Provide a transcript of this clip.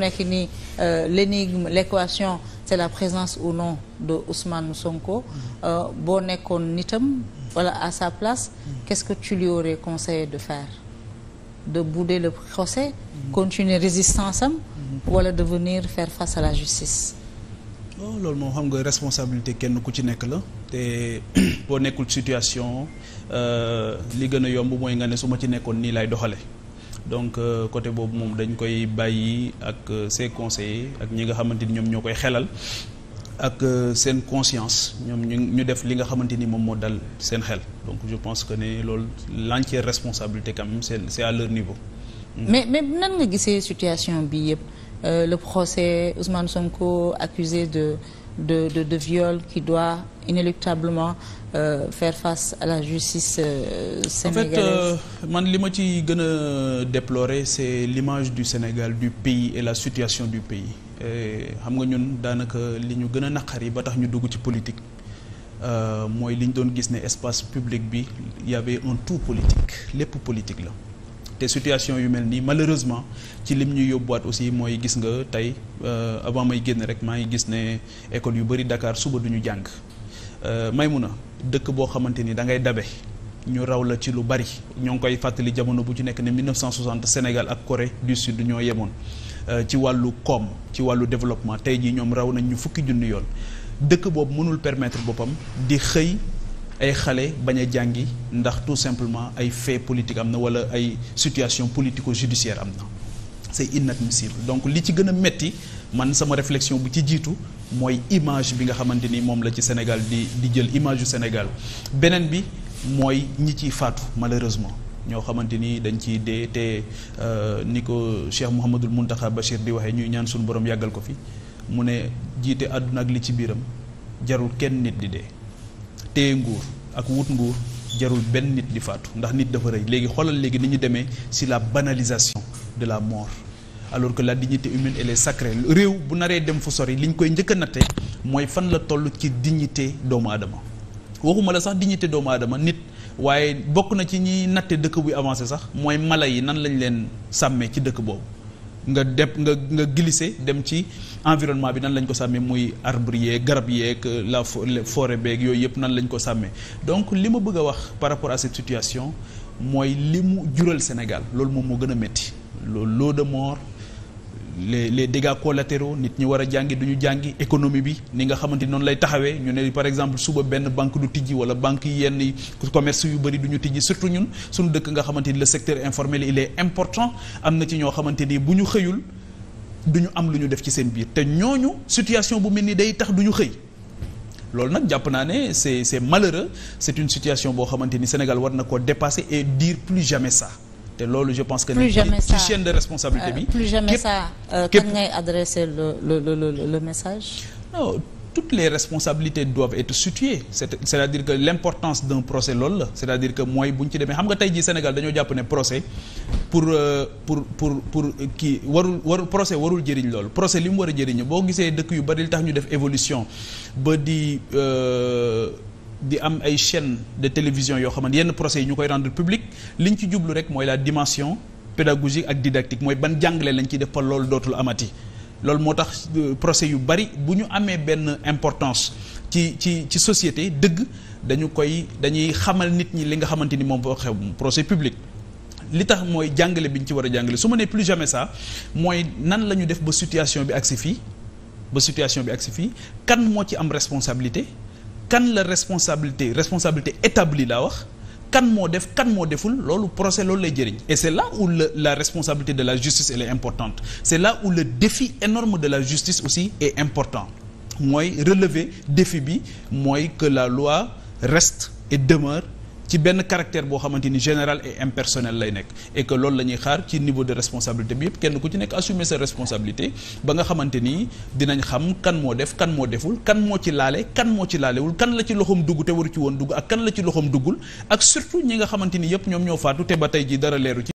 nekk nii euh, l'énigme l'équation c'est la présence ou non de Ousmane Sonko euh, boo nekkoon nitam wala à sa place qu'est-ce que tu lui aurais conseillé de faire de bouder le procès continuer résistance am wala de venir faire face à la justice loolu moom xam nga responsabilité kenn ku ci nekk la te boo nekkul situation euh, li gën a yomb mooy nga ne su ma ci nekkoon nii lay doxale donc euh, côté boobu moom dañ koy bàyyi ak euh, ses conseillers ak ñi nga xamante ni ñoom ñoo koy xelal ak euh, seen conscience ñoom ñu ñu def li nga xamante ni moom moo dal seen xel donc je pense que ne loolu l'entière responsabilité quand même c'est c'est à leur niveau. Mm. mais mais nan nga gisee situation bi yëpp le procès Ousmane Sonko accusé de. de de de viol qui doit inéluctablement euh, faire face à la justice euh, En fait euh, man li ma ci gën a déplorer c'est l'image du Sénégal du pays et la situation du pays xam nga ñun daanaka li ñu gën a naqari ba tax ñu dugg ci politique euh, mooy li ñu doon gis ne espace public bi y un tout politique lépp politique la. te situation yu mel nii malheureusement ci lim ñuy yóbbuwaat aussi mooy gis nga tey euh, avant may génn rek maa ngi gis ne école yu bari Dakar suba du ñu jàng euh, Maymuna dëkk boo xamante ni da ngay dabe ñu raw la ci lu bari ñoo ngi koy fàttali jamono bu ci nekk ne 1960 Sénégal ak Corée du Sud ñoo yemoon euh, ci wàllu koom ci wàllu développement tey jii ñoom raw nañ ñu fukki junni yoon dëkk boobu mënul permettre boppam di xëy. ay xale bañ a jàngi ndax tout simplement ay fait politique am na wala ay situation politico-judiciaire am na c'est inadmissible donc li ci gën a metti man sama réflexion bu ci jiitu mooy image bi nga xamante ni moom la ci Sénégal di di jël image yu Sénégal beneen bi mooy ñi ciy faatu malheureusement ñoo xamante ni dañ ciy dee te euh, ni ko Cheikh Mouhamadul Mountakha Bachir di waxee ñuy ñaan suñu borom yàggal ko fi mu ne jiite àdduna ak li ci biiram jarul kenn nit di dee te nguur ak wut nguur jarul benn nit di faatu ndax nit dafa rëy léegi xoolal léegi ni ñu demee si la banalisation de la mort alors que la dignité humaine elle est sacrée réew bu naree dem fu sori li ñu koy njëkk a natte mooy fan la toll ci dignité doomu aadama waxuma la sax dignité doomu aadama nit waaye bokk na ci ñiy natte dëkk buy avancé sax mooy mala yi nan lañ leen sàmmee ci dëkk boobu nga dep nga nga glissé dem ci environnement bi nan lañ ko sàmmee muy arbre yeeg garab yeeg euh, la forêt beeg yooyu yëpp nan lañ ko sàmmee donc li ma bëgg a wax par rapport à cette situation mooy li mu jural Sénégal loolu moom moo gën a métti loolu lot de mort les les dégâts collatéraux nit ñi war a jàngi du ñu jàngi économie bi ni nga xamante noonu lay taxawee ñu ne par exemple suba benn banque du tijji wala banque yenn commerce yu bëri du ñu tijji surtout ñun suñu dëkk nga xamante ni le secteur informel il est important am ci ñoo xamante ni bu ñu xëyul. du ñu am lu ñu def ci seen biir te ñooñu situation bu mel ni day tax du ñu xëy loolu nag jàpp naa ne c'est c'est malheureux c'est une situation boo xamante ni Sénégal war na ko dépasser et dire plus jamais ça te loolu je pense que. plus jamais ça ci chaîne de responsabilité euh, bi. plus jamais ça euh, kan ngay adresser le le le le message. non. toutes les responsabilités doivent être situées c'est-à-dire que l'importance d'un procès loolu la c'est-à-dire que mooy bu ñu ci demee xam nga tey jii Sénégal dañoo jàpp ne procès pour euh, pour pour pour kii warul warul procès warul jëriñ loolu procès li mu war a jëriñ boo gisee dëkk yu bari tax ñu def évolution ba di euh, di am ay chaînes de télévision yoo xamante yenn procès yi ñu koy rendre public liñ ci jublu rek mooy la dimension pédagogique ak didactique mooy ban jàngale lañ ciy def par loolu dootul amati loolu moo tax euh, procès yu bari bu ñu amee benn importance ci ci ci société dëgg dañu koy dañuy xamal nit ñi li nga xamante ni moom boo xew procès publique li tax mooy jàngale bi ñu ci war a jàngale su ma nee plus jamais ça mooy nan la ñu def ba situation bi aksi fii ba situation bi agsi fii kan moo ci am responsabilité kan la responsabilité responsabilité établie laa wax kan moo def kan moo deful loolu procès loolu lay jëriñ et c'est là où le, la responsabilité de la justice elle est importante c'est là où le défi énorme de la justice aussi est important mooy relever défi bi mooy que la loi reste et demeure ci benn caractère boo xamante ni général et impersonnel lay nekk et que loolu la ñuy xaar ci niveau de responsabilité bi yëpp kenn ku ci nekk assumer sa responsabilité ba nga xamante ni dinañ xam kan moo def kan moo deful kan moo ci laale kan moo ci laalewul kan la ci loxoom dugg te waru ci woon dugg ak kan la ci loxoom duggul ak surtout ñi nga xamante ni yëpp ñoom ñoo faatu te ba tey ji dara leeru ci